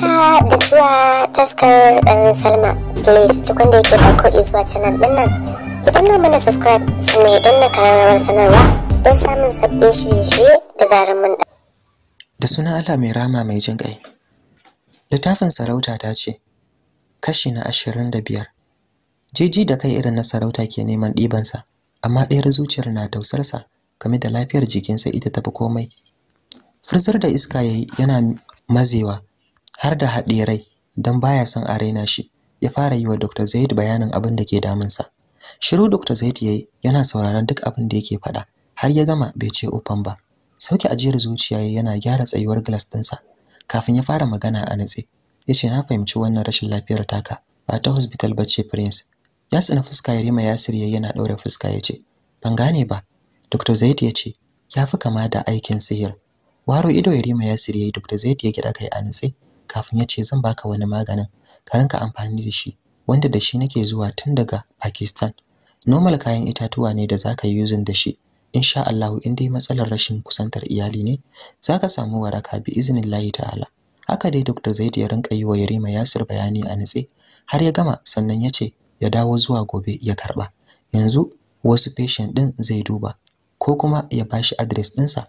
haka da zuwa taskar ɗan salma please duk wanda yake farko izuwa canal ɗin nan ki danna mana subscribe don na kararrawar sanarwa don samun sabbi shirye-shirye da zarar mun da da sunan allah mai rama mai jin ƙai littafin sarauta ta ce kashi na ashirin da biyar jeji da kai irin na sarauta ke neman ɗibansa amma ɗayar zuciyar na tausarsa game da lafiyar jikinsa ita tafi komai furzar da iska yayi yana mazewa har da haɗe rai don baya son a raina shi ya fara yi wa Dr. Zaid bayanin abin da ke damunsa. Shiru Dr. Zaid ya yi, yana sauraron duk abin da yake faɗa har ya gama bai ce ufan ba. Sauke ajiyar zuciya yana gyara tsayuwar glas ɗinsa kafin ya fara magana a natse. Ya ce na fahimci wannan rashin lafiyar taka ba ta hospital ba ce Prince. Ya tsina fuska ya rima Yasir ya yana ɗaure fuska ya ce ban gane ba. Dr. Zaid ya ce ya fi kama da aikin sihir. Waro ido ya rima Yasir yi Dr. Zaid ya gida kai a natse. kafin ya ce zan baka wani maganin ka rinka amfani da shi wanda da shi nake zuwa tun daga Pakistan normal kayan itatuwa ne da zaka yi using da shi insha Allah in dai matsalar rashin kusantar iyali ne zaka samu waraka bi Allah ta'ala haka dai Dr. Zaid ya rinka yi wa Yarima Yasir bayani a nitse har ya gama sannan ya ce ya dawo zuwa gobe ya karba yanzu wasu patient din zai duba ko kuma ya bashi address ɗinsa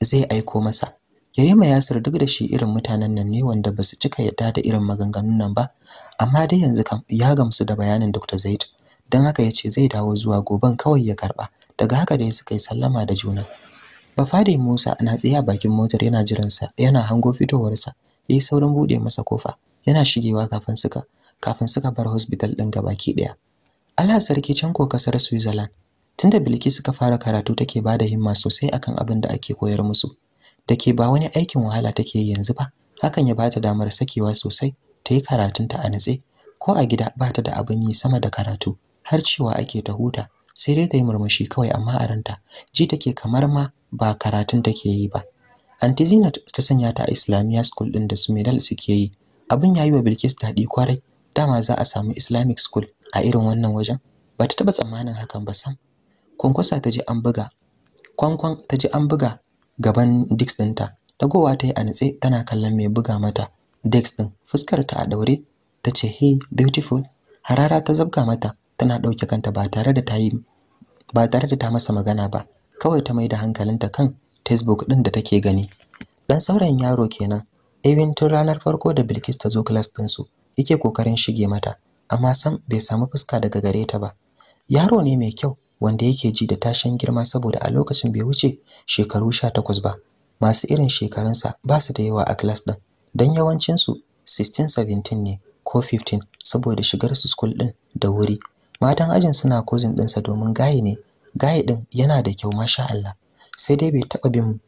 zai aiko masa Yarima Yasir duk da shi irin mutanen nan ne wanda ba su cika yadda da irin maganganun nan ba, amma dai yanzu kam ya gamsu da bayanin Dr. Zaid. dan haka ya ce zai dawo zuwa goben kawai ya karba, Daga haka dai suka yi sallama da juna. Bafade Musa na tsaye a bakin motar yana jiran sa yana hango fitowarsa. Ya yi saurin buɗe masa kofa. Yana shigewa kafin suka kafin suka bar hospital ɗin gabaki ɗaya. Allah sarki can ko kasar Switzerland. Tunda Bilkisu ka fara karatu take bada himma sosai akan abin da ake koyar musu. da ke ba wani aikin wahala take yi yanzu ba hakan ya bata damar sakewa sosai ta yi karatunta a natse ko a gida bata da abin yi sama da karatu har cewa ake ta huta sai dai ta yi murmushi kawai amma a ranta ji take kamar ma ba karatun take yi ba anti zinat ta sanya ta a islamiyya school din da su medal suke yi abin ya yi wa bilkis daɗi kwarai dama za a samu islamic school a irin wannan wajen Ba ta taɓa tsammanin hakan ba sam kwankwasa ta ji an buga kwankwan ta ji an buga gaban dix ɗinta dagowa ta yi a nitse tana kallon mai buga mata Dix ɗin fuskar ta a daure ta ce hey beautiful harara ta zabga mata tana dauke kanta ba tare da ta yi ba tare da ta masa magana ba kawai ta maida hankalinta kan facebook ɗin da take gani dan sauran yaro kenan Ewin tun ranar farko da Bilkis ta zo class din su yake kokarin shige mata amma sam bai samu fuska daga gare ta ba yaro ne mai kyau wanda yake ji da tashin girma saboda a lokacin bai wuce shekaru 18 ba masu irin shekarunsa ba su da yawa a class din dan yawancinsu 16 17 ne ko 15 saboda shigar su school din da wuri matan ajin suna cousin dinsa domin gaye ne gaye din yana da kyau masha Allah sai dai bai taba bin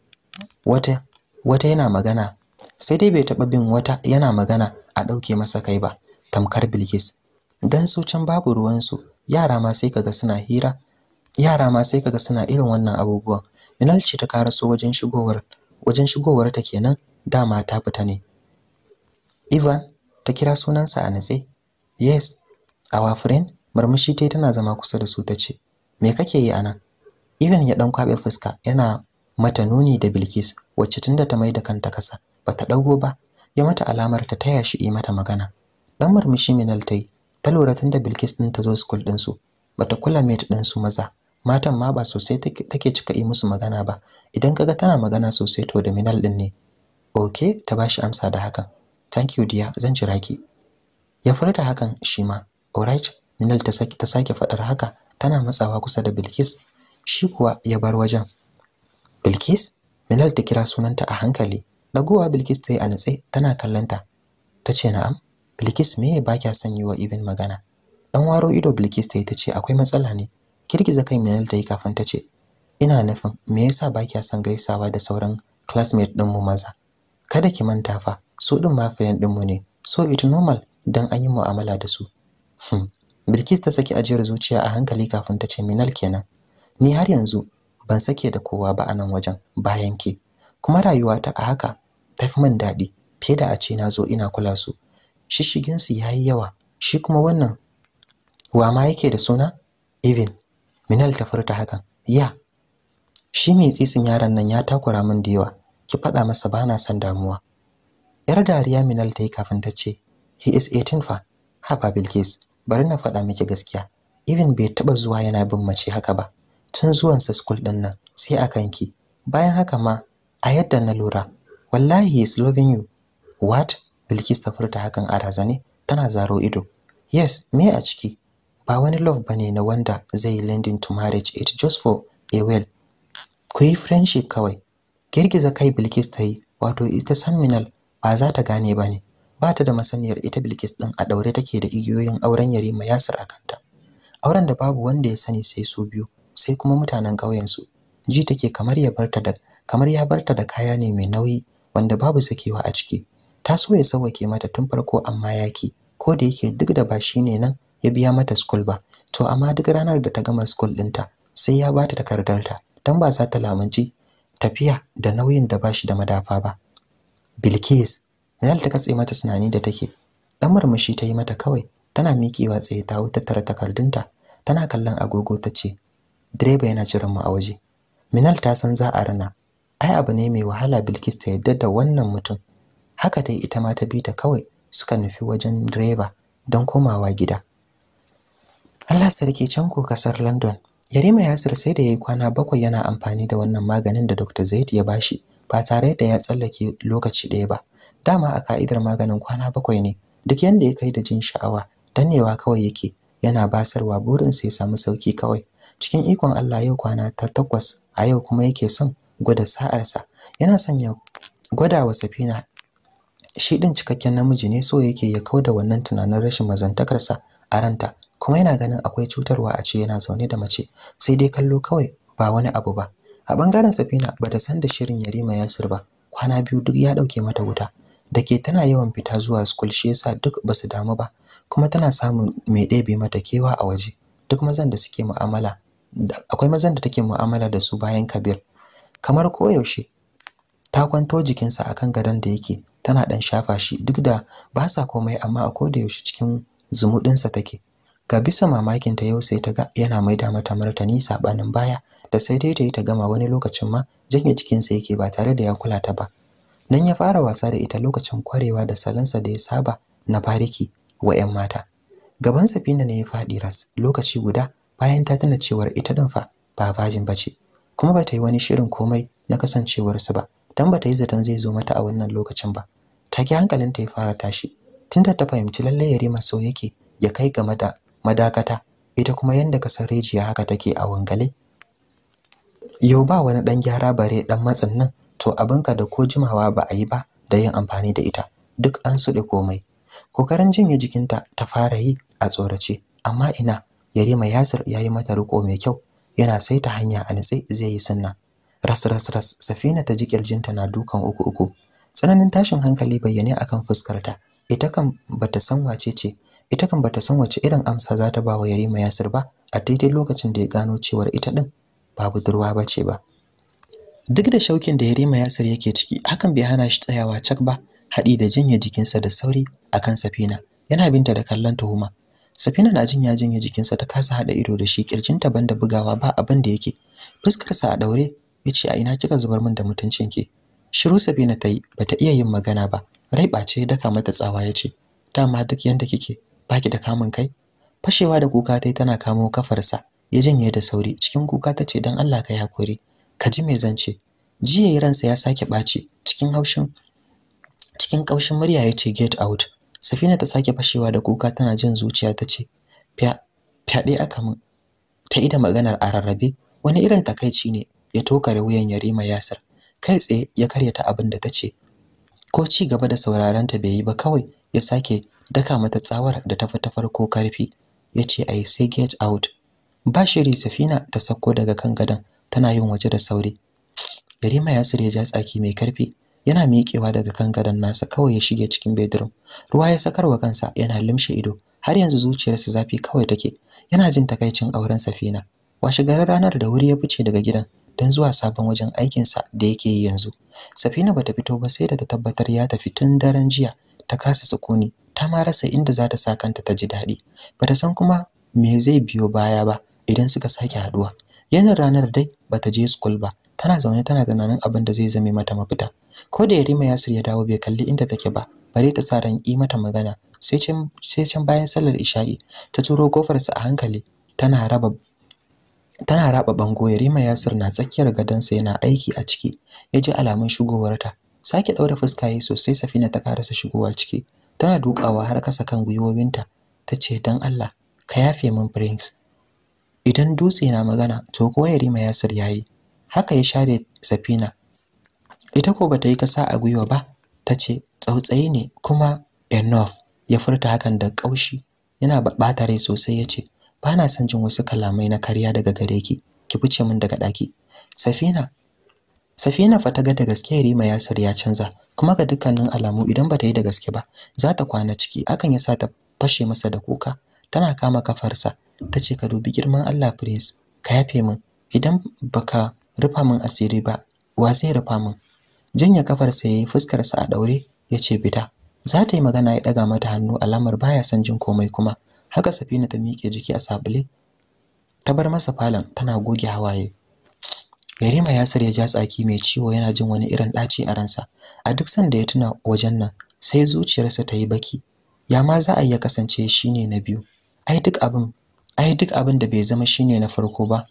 wata wata yana magana sai dai bai taba bin wata yana magana a dauke masa kai ba tamkar Bilkis dan su babu ruwan su yara ma sai kaga suna hira yara ma sai kaga suna irin wannan abubuwan Minal ce ta karaso wajen shigowar wajen shigowar ta kenan dama ta fita ne Ivan ta kira sunansa a natse Yes our friend murmushi tai tana zama kusa da su tace me kake yi anan Ivan ya dan kwabe fuska yana mata nuni da Bilkis wacce tunda ta maida kanta kasa bata dago ba ya mata alamar ta taya shi yi mata magana dan murmushi Minal tai ta lura tunda Bilkis din ta zo school din su bata kula mate din su maza matan ma ba sosai take cika yi musu magana ba idan kaga tana magana sosai to da minal din ne okay ta bashi amsa da hakan thank you dear zan jira ki ya furta hakan shi ma alright minal ta saki ta sake fadar haka tana matsawa kusa da Bilkis shi kuwa ya bar wajen Bilkis Minal ta kira sunanta a hankali dagowa Bilkis ta yi a natse tana kallanta ta ce na'am Bilkis me ya baki son yi wa magana dan waro ido Bilkis ta yi ta ce akwai matsala ne Girgiza kai Minal ta yi kafin ta ce, "Ina nufin me yasa ba kya son gaisawa da sauran classmate mu maza? Kada ki manta fa, su ɗin ma friend ɗinmu ne, so it normal dan an yi mu'amala da su." Hmm. Bilkis ta saki ajiyar zuciya a hankali kafin ta ce Minal kenan. Ni har yanzu ban sake da kowa ba a nan wajen bayan ke. Kuma rayuwata a haka ta fi man daɗi fiye da a ce na zo ina kula su. Shishigin su yayi yawa, shi kuma wannan wa ma yake da suna? Even Minal ta furta hakan. Ya. Shi mai tsitsin yaron nan ya takura min da yawa. Ki faɗa masa bana san damuwa. Yar dariya Minal ta yi kafin ta ce, "He is 18 fa." Haba Bilkis, bari na faɗa miki gaskiya. Even bai taɓa zuwa yana bin mace haka ba. Tun zuwansa school ɗin nan sai a ki. Bayan haka ma a yadda na lura, wallahi he is loving you. What? Bilkis ta furta hakan a razane tana zaro ido. Yes, me a ciki? ba wani love bane na wanda zai lending to marriage it just for a well ku yi friendship kawai girgiza kai Bilkis ta yi wato ita seminal ba za ta gane ba ne ba ta da masaniyar ita Bilkis ɗin a daure take da igiyoyin auren Yarima Yasir a kanta auren da babu wanda ya sani sai su biyu sai kuma mutanen ƙauyen su ji take kamar ya barta da kamar ya barta da kaya ne mai nauyi wanda babu sakewa a ciki ta so ya sauke mata tun farko amma yaki ko da yake duk da ba shi ne nan ya biya mata school ba to amma duk ranar da ta gama school ɗinta sai ya bata takardar ta, dan ba za ta lamunci tafiya da nauyin da bashi da madafa ba Bilkis Nal ta katse mata tunani da take dan murmushi ta yi mata kawai tana mikiwa tsaye ta wuta tara takardunta tana kallon agogo ta ce direba yana jiran mu a waje Minal ta san za a rana ai abu ne mai wahala Bilkis ta yadda da wannan mutum haka dai ita ma ta bi ta kawai suka nufi wajen direba don komawa gida Allah sarki can ko kasar London. Yarima Yasir sai da yayi kwana bakwai yana amfani da wannan maganin da Dr. Zaid ya bashi ba tare da ya tsallake lokaci ɗaya ba. Dama a ka'idar maganin kwana bakwai ne. Duk yanda ya kai da jin sha'awa, dannewa kawai yake yana basarwa burin sai samu sauki kawai. Cikin ikon Allah yau kwana ta takwas a yau kuma yake son gwada sa'arsa. Yana son ya gwada wa Safina shi din cikakken namiji ne so yake ya kauda wannan tunanin rashin mazantakarsa a ranta kuma yana ganin akwai cutarwa a ce yana zaune da mace sai dai kallo kawai ba wani abu ba a bangaren safina bata san da shirin yarima yasir ba kwana biyu duk ya dauke mata wuta da ke tana yawan fita zuwa school shi yasa duk basu damu ba kuma tana samun mai ɗebe mata kewa a waje duk mazan da suke mu'amala akwai mazan da take mu'amala da su bayan kabir kamar koyaushe ta kwanto jikinsa akan gadon da yake tana ɗan shafa shi duk da ba sa komai amma a koda yaushe cikin zumudinsa take ga bisa mamakin ta yau sai ta ga yana maida mata martani sabanin baya da sai dai ta yi ta gama wani lokacin ma janye sa yake ba tare da ya kula ta ba nan ya fara wasa da ita lokacin kwarewa da salansa da ya saba na bariki wa 'yan mata gaban safina ne ya faɗi ras lokaci guda bayan ta tana cewar ita din fa ba vajin bace kuma ba ta yi wani shirin komai na sa ba dan ba ta yi zaton zai zo mata a wannan lokacin ba ta ki hankalinta ya fara tashi tunda ta fahimci lallai Yarima sau yake ya kai game da madakata ita kuma yanda kasar san rijiya haka take a wangale yau ba wani dan gyara bare dan matsin nan to abin ka da ko jimawa ba a yi ba da yin amfani da ita duk an suɗe komai kokarin jinya jikinta ta fara yi a tsorace amma ina yarima yasir ya yi mata riko mai kyau yana saita hanya a nitse zai yi sunna ras ras ras safina ta ji kirjinta na dukan uku uku tsananin tashin hankali bayyane akan fuskarta ita kan bata san wace ce ita kan bata san wace irin amsa za ta ba wa Yarima Yasir ba a daidai lokacin da ya gano cewar ita din ba budurwa bace ba duk da shaukin da Yarima Yasir yake ciki hakan bai hana shi tsayawa cak ba haɗi da jinya jikinsa da sauri akan Safina yana binta da kallon tuhuma Safina na jinya jinya jikinsa ta kasa hada ido da shi kirjinta banda bugawa ba abin da yake fuskarsa a daure yace a ina kika zubar min da mutuncin ki shiru Safina tayi bata iya yin magana ba rai ce daka mata tsawa yace dama duk yanda kike baki da kamun kai fashewa da kuka tai tana kamo kafarsa ya janye da sauri cikin kuka tace dan Allah kai hakuri ka ji me zance jiya ransa ya sake baci cikin haushin cikin kaushin murya ya ce get out Safina ta sake fashewa da kuka tana jin zuciya tace fya fyaɗe aka mun ta ida maganar a rarrabe wani irin takaici ne ya tokare wuyan Yarima Yasir kai tsaye ya karyata abin da tace ko ci gaba da sauraron ta bai yi ba kawai ya sake daka mata tsawar da tafi ta farko karfi yace ai sai get out ba shiri safina ta sako daga kan gadan tana yin waje da sauri yarima ya ya ja tsaki mai karfi yana miƙewa daga kan gadon nasa kawai ya shige cikin bedroom ruwa ya sakarwa kansa yana limshe ido har yanzu zuciyarsa zafi kawai take yana jin takaicin auren safina washe garin ranar da wuri ya fice daga gidan don zuwa sabon wajen aikinsa da yake yi yanzu safina bata fito ba sai da ta tabbatar ya tafi tun daren jiya ta kasa sukuni ta ma rasa inda za ta sa kanta ta ji daɗi ba ta san kuma me zai biyo baya ba idan suka sake haɗuwa yanar ranar dai ba ta je school ba tana zaune tana tunanin abin da zai zame mata mafita ko da yarima yasir ya dawo bai kalli inda take ba bare ta sa ran yi mata magana sai can bayan sallar isha'i ta turo kofarsa a hankali tana raba tana raba bango yarima yasir na tsakiyar gadansa yana aiki a ciki ya ji alamun shigowarta sake daura fuska yayi sosai safina ta karasa shigowa ciki tana dukawa har kasa kan gwiwowinta ta ce don Allah ka yafe min prince idan dutse na magana to kuwa yarima yasir yayi haka ya share safina ita ko bata yi kasa a gwiwa ba ta ce tsautsayi ne kuma enough ya furta hakan da kaushi yana bata rai sosai yace ce ba na son jin wasu kalamai na karya daga gare ki ki fice min daga daki safina Safina fa ta ga da gaske Rima Yasir ya canza, kuma ga dukkanin alamu idan bata yi da gaske ba, za ta kwana ciki. Akan yasa ta fashe masa da kuka. Tana kama kafarsa, ta ce ka dubi girman Allah Prince, ka yafe min. Idan baka rufa min asiri ba, wa zai rufa min? Janya kafarsa yayi fuskarsa a daure, ya ce fita. Za ta yi magana ya daga mata hannu alamar baya son jin komai kuma. Haka Safina ta miƙe jiki a sabule, ta bar masa falon tana goge hawaye. Yarima Yasir ya ja tsaki mai ciwo yana jin wani irin ɗaci a ransa. A duk sanda ya tuna wajen nan, sai zuciyarsa ta yi baki. Ya ma za a iya kasance shine na biyu. Ai duk abin, ai duk abin da bai zama shine na farko ba,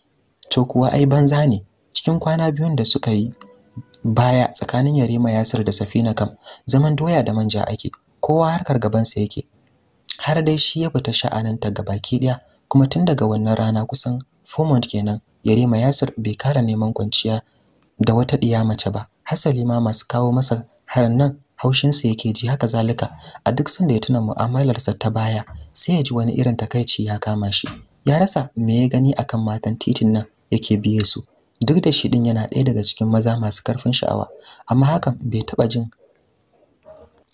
to kuwa ai banza ne. Cikin kwana biyun da suka yi baya tsakanin Yarima Yasir da Safina kam, zaman doya da manja ake. Kowa harkar gabansa yake. Har dai shi ya fita ta gabaki ɗaya, kuma tun daga wannan rana kusan 4 month kenan Yarima Yasir bai kara neman kwanciya da wata diya mace ba. Hasali ma masu kawo masa haran nan sa yake ji haka zalika a duk sanda ya tuna mu'amalarsa ta baya sai ya ji wani irin takaici ya kama shi. Ya rasa me ya gani akan matan titin nan yake biye su. Duk da shi din yana ɗaya daga cikin maza masu karfin sha'awa, amma hakan bai taɓa jin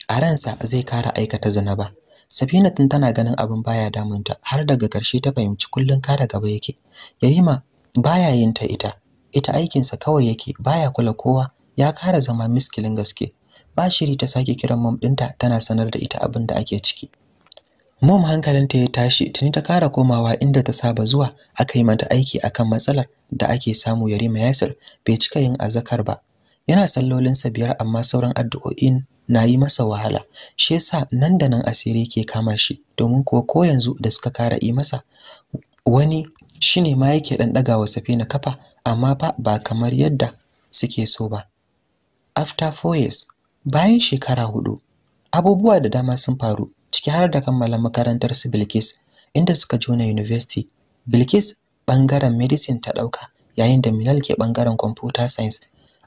a ransa zai kara aikata zina ba. Safina tun tana ganin abin baya damunta har daga ƙarshe ta fahimci kullun kara gaba yake. Yarima baya yin ta ita ita aikinsa kawai yake baya kula kowa ya kara zama miskilin gaske ba shiri ta sake kiran mom ɗinta tana sanar da ita abin da ake ciki mom hankalinta ya tashi tuni ta kara komawa inda ta saba zuwa aka yi mata aiki akan matsalar da ake samu yarima yasir bai cika yin azakar ba yana sallolin sa biyar amma sauran addu'o'in na yi masa wahala shi yasa nan da nan asiri ke kama shi domin kuwa ko yanzu da suka kara yi masa wani shine ma yake dan dagawa Safina kafa amma fa ba kamar yadda suke so ba after four years bayan shekara hudu abubuwa da dama sun faru ciki har da kammala makarantar su Bilkis inda suka jona university Bilkis bangaren medicine ta dauka yayin da Milal ke bangaren computer science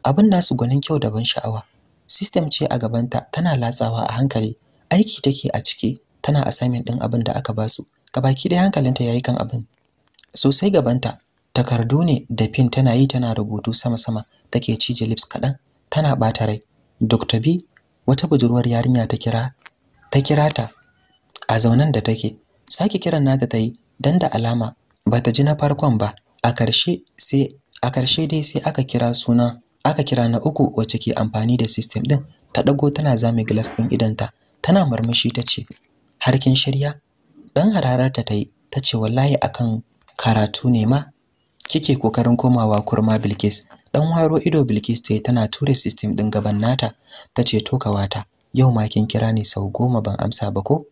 abin nasu gwanin kyau da ban sha'awa system ce a gabanta tana latsawa a hankali aiki take a ciki tana assignment din abin da aka basu gabaki da hankalinta yayi kan abin sosai gabanta takardu ne da pin tana yi tana rubutu sama-sama take cije lips kaɗan tana ɓata rai dr b wata budurwar yarinya ta kira ta kira ta a zaunan da take sake kiran nata ta yi dan da alama ba ta ji na farkon ba a ƙarshe sai a ƙarshe dai sai aka kira suna aka kira na uku wacce ke amfani da system din ta ɗago tana zame glass din idanta tana murmushi ta ce har kin shirya dan hararar ta yi ta ce wallahi akan karatu ne ma kike kokarin komawa kurma Bilkis dan waro ido Bilkis tayi tana ture system din gaban nata tace to kawata yau ma kin kira ni sau goma ban amsa ba ko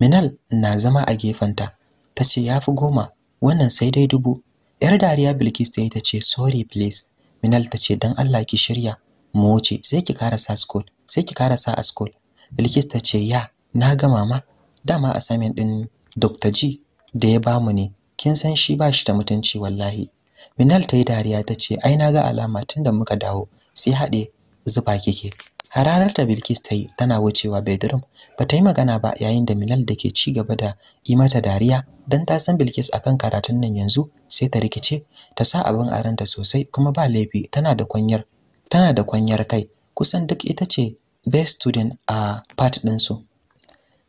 Minal na zama a gefanta tace yafi goma wannan sai dai dubu yar dariya Bilkis tayi tace sorry please Minal tace dan Allah ki shirya mu wuce sai ki karasa school sai ki karasa a school Bilkis tace ya na ga mama dama assignment din Dr. G da ya bamu ne kin san shi ba shi da mutunci wallahi Minal ta yi dariya ta ce ai na ga alama da muka dawo sai haɗe zuba kike hararar da Bilkis ta yi tana wucewa bedroom ba ta yi magana ba yayin da Minal da ke ci gaba da yi mata dariya dan ta san Bilkis akan karatun nan yanzu sai ta rikice ta sa abin a ta sosai kuma ba laifi tana da kwanyar tana da kwanyar kai kusan duk ita ce best student a part ɗinsu.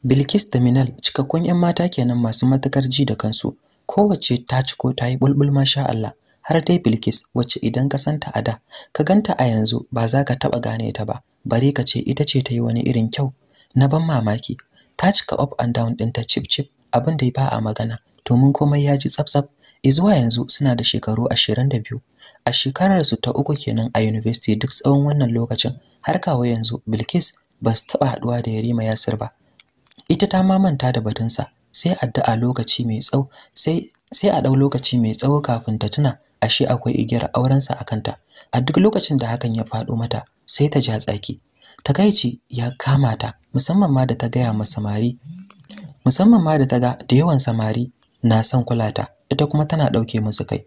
Bilkis da Minal cikakkun 'yan mata kenan masu matukar ji da kansu Kowacce ta ciko ta yi bulbul masha Allah. Har dai Bilkis wacce idan ka santa a da, ka ganta a yanzu ba za ka taɓa gane ta ba. Bare ka ce ita ce ta yi wani irin kyau na ban mamaki. Ta cika up and down ta chip chip. abin da ba a magana domin komai ya ji tsaf-tsaf. Izuwa yanzu suna da shekaru ashirin da biyu. A shekararsu ta uku kenan a university duk tsawon wannan lokacin har kawo yanzu Bilkis ba su taɓa haɗuwa da Yarima Yasir ba. Ita ta mamanta da batunsa, sai addu'a lokaci mai tsawo sai sai a dau lokaci mai tsawo kafin ta tuna ashe akwai igiyar aurensa a kanta a duk lokacin da hakan ya faɗo mata sai ta ja tsaki takaici ya kama ta musamman ma da ta gaya ma samari musamman ma da ta ga da yawan samari na son kulata ita kuma tana ɗauke musu kai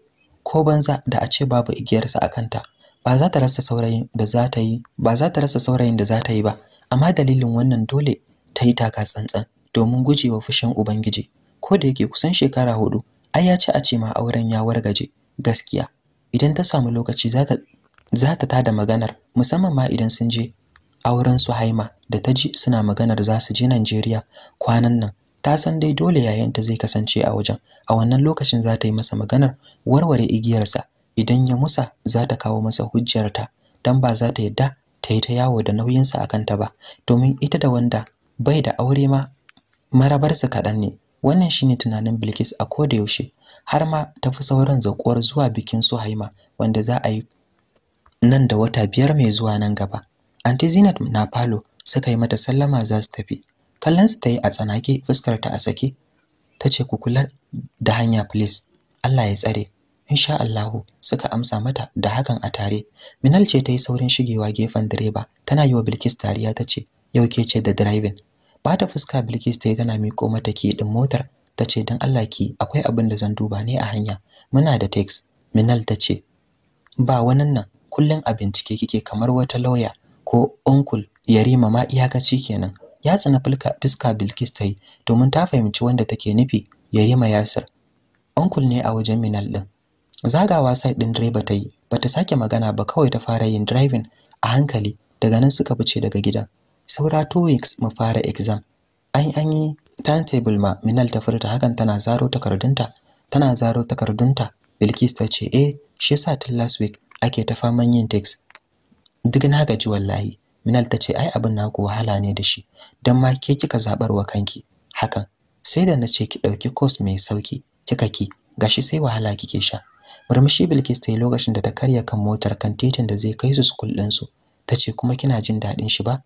ko banza da a ce babu igiyarsa a kanta ba za ta rasa saurayin da za ta yi ba za ta rasa saurayin da za ta yi ba amma dalilin wannan dole ta yi taka tsantsan domin gujewa fushin ubangiji ko da yake kusan shekara hudu ai ya ci a ce ma auren ya wargaje gaskiya idan ta samu lokaci za ta tada maganar musamman ma idan sun je auren su haima da ta ji suna maganar za su je Najeriya kwanan nan ta san dai dole yayanta zai kasance a wajen a wannan lokacin za ta yi masa maganar warware igiyarsa idan ya musa za ta kawo masa hujjarta dan ba za ta yadda ta yi ta yawo da nauyinsa a kanta ba domin ita da wanda bai da aure ma marabarsa kaɗan ne wannan shine tunanin Bilkis a koda yaushe har ma ta fi sauran zakuwar zuwa bikin su Haima wanda za a yi nan da wata biyar mai zuwa nan gaba anti Zinat na falo suka yi mata sallama za su tafi kallon su tayi a tsanake fuskar ta a sake tace ku kula da hanya please Allah ya tsare insha Allahu suka amsa mata da hakan a tare Minal ce ta yi saurin shigewa gefen direba tana yi wa Bilkis tariya tace yau ke ce da driving bata fuska Bilkis ta yi tana miƙo mata ke ɗin. motar ta ce don Allah ki akwai abin da zan duba ne a hanya muna da teks. Minal ta ce ba wannan nan kullum a bincike kike kamar wata lauya ko onkul yarima ma iyakaci kenan ya tsina fuska Bilkis ta yi domin ta fahimci wanda take nufi yarima Yasir onkul ne a wajen Minal din zagawa sai din direba ta yi bata sake magana ba kawai ta fara yin driving a hankali daga nan suka fice daga gidan saura two weeks mu fara exam an an yi timetable ma minal ta furta hakan tana zaro takardunta tana zaro takardunta bilkis ta ce eh shi yasa tun last week ake ta faman yin text duk na gaji wallahi minal ta ce ai abin naku wahala ne da shi dan ma ke kika zabar wa kanki hakan sai da na ce ki dauki course mai sauki kika ki gashi sai wahala kike sha murmushi bilkis ta yi lokacin da ta karya kan motar kan titin da zai kai su school din su tace kuma kina jin dadin shi ba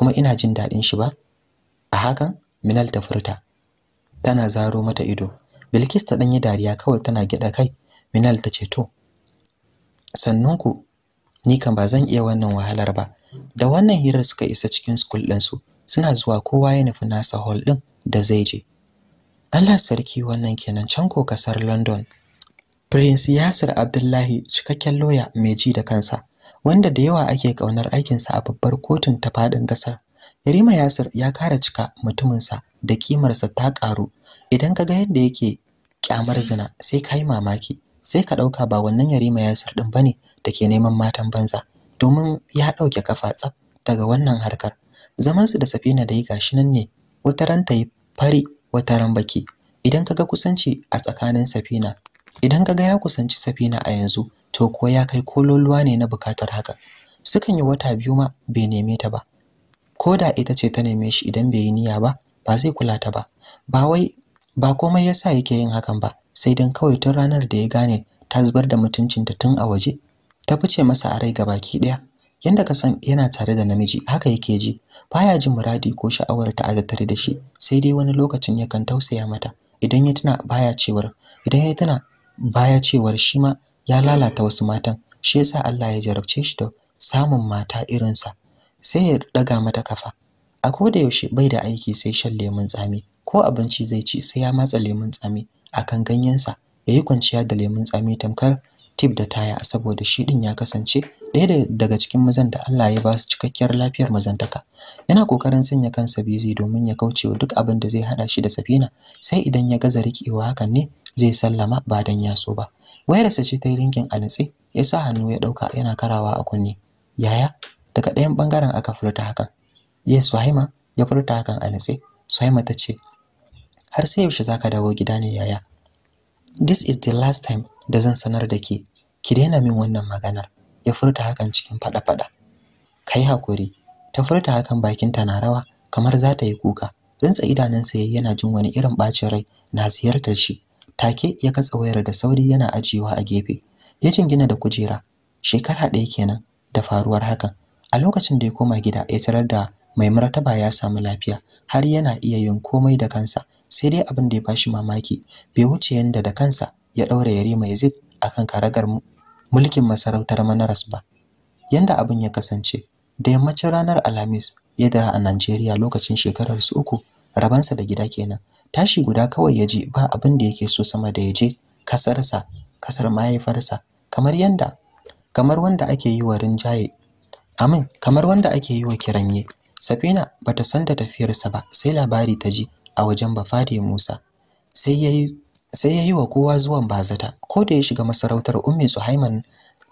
kuma ina jin daɗin shi ba a hakan Minal ta furta tana zaro mata ido Bilkis ta ɗanyi dariya kawai tana gyaɗa kai Minal ta ce to sannunku ni kan ba zan iya wannan wahalar ba da wannan hirar suka isa cikin skul ɗinsu, suna zuwa kowa ya nufi nasa hall ɗin da zai je Allah sarki wannan kenan can ko kasar London Prince Yasir Abdullahi cikakken loya mai ji da kansa wanda da yawa ake kaunar aikinsa a babbar kotun ta fadin ƙasar. Yarima Yasir ya kara cika mutuminsa da kimarsa ta ƙaru. Idan ka ga yadda yake kyamar zina sai ka yi mamaki, sai ka ɗauka ba wannan Yarima Yasir ɗin bane da ke neman matan banza, domin ya ɗauke kafa tsaf daga wannan harkar. Zamansu da Safina da yi gashi nan ne, wata ran ta fari, wata ran baki. Idan kaga kusanci a tsakanin Safina, idan kaga ya kusanci Safina a yanzu, to ko ya kai kololuwa ne na bukatar haka sukan yi wata biyu ma bai neme ta ba ko da ita ce ta neme shi idan bai yi niyya ba ba zai kula ta ba ba wai ba komai yasa yake yin hakan ba sai dan kawai tun ranar da ya gane ta zubar da mutuncinta tun a waje ta fice masa a rai gabaki daya yanda ka san yana tare da namiji haka yake ji baya jin muradi ko sha'awar ta tattare da shi sai dai wani lokacin yakan tausaya mata idan ya tana baya cewar idan ya tuna baya cewar shi ma ya lalata wasu matan shi yasa Allah ya jarabce shi da samun mata irinsa sai ya daga mata kafa a koda yaushe bai da aiki sai shan lemun tsami ko abinci zai ci sai ya matsa lemun tsami akan ganyensa ya yi kwanciya da lemun tsami tamkar tip da taya saboda shi din ya kasance ɗaya daga cikin mazan da Allah ya ba su cikakkiyar lafiyar mazantaka yana kokarin sanya kansa busy domin ya kaucewa duk abin da zai hada shi da Safina sai idan ya gaza rikewa hakan ne zai sallama ba dan ya so ba wayarsa ce ta yi rinkin a nutse ya sa hannu ya ɗauka yana karawa a kunne yaya daga ɗayan bangaren aka furta hakan yes Suhaima ya furta hakan a nutse Suhaima ta ce har sai yaushe zaka dawo gida ne yaya this is the last time da zan sanar da ke ki daina min wannan maganar ya furta hakan cikin faɗa-faɗa. fada kai hakuri ta furta hakan bakinta na rawa kamar za ta yi kuka rintsa idanunsa yayi yana jin wani irin bacin rai na ziyartar shi take ya katsa wayar da sauri yana ajiyewa a gefe ya jingina da kujera shekara ɗaya kenan da faruwar hakan a lokacin da ya koma gida ya tarar da mai martaba ya samu lafiya har yana iya yin komai da kansa sai dai abin da ya bashi mamaki bai wuce yanda da kansa ya ɗaura zid a akan karagar mulkin masarautar manaras ba yanda abin ya kasance da yammacin ranar alhamis ya dara a najeriya lokacin shekarar su uku rabansa da gida kenan tashi guda kawai ya ji ba abin da yake so sama da ya je kasarsa kasar mahaifarsa kamar yanda kamar wanda ake yi wa rinjaye amin kamar wanda ake yi wa kiranye safina bata san da tafiyarsa ba sai labari ta ji a wajen bafade musa sai yayi sai wa kowa zuwan bazata ko da ya shiga masarautar ummi suhaiman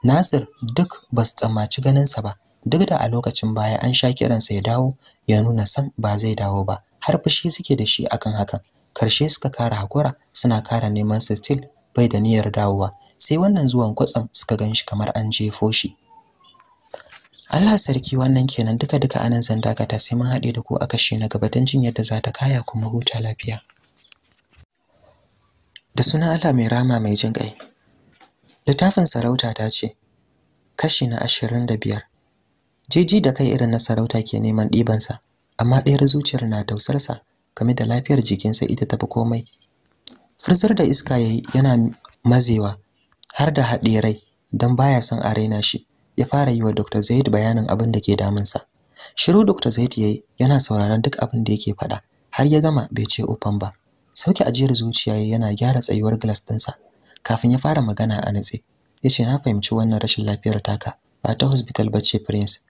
nasir duk ba su tsammaci ganinsa ba duk da a lokacin baya an sha kiransa ya dawo ya nuna san ba zai dawo ba har fushi suke da shi akan hakan karshe suka kara hakura suna kara neman sa still bai da niyyar dawowa sai wannan zuwan kwatsam suka ganshi kamar an jefo shi Allah sarki wannan kenan duka duka anan zan dakata sai mun haɗe da ku a kashe na gaba don jin yadda za ta kaya kuma huta lafiya da sunan Allah mai rama mai jin ƙai littafin sarauta ta ce kashi na ashirin da biyar jiji da kai irin na sarauta ke neman ɗibansa amma ɗayar zuciyar na tausarsa game da lafiyar jikinsa ita tafi komai furzar da iska yayi yana mazewa har da haɗe rai don baya son a raina shi ya fara yi wa Dr. Zaid bayanin abin da ke damunsa. Shiru Dr. Zaid yi yana sauraron duk abin da yake faɗa har ya gama bai ce ofan ba. Sauke ajiyar zuciya yana gyara tsayuwar glas ɗinsa kafin ya fara magana a natse. Ya ce na fahimci wannan rashin lafiyar taka ba ta hospital ba ce Prince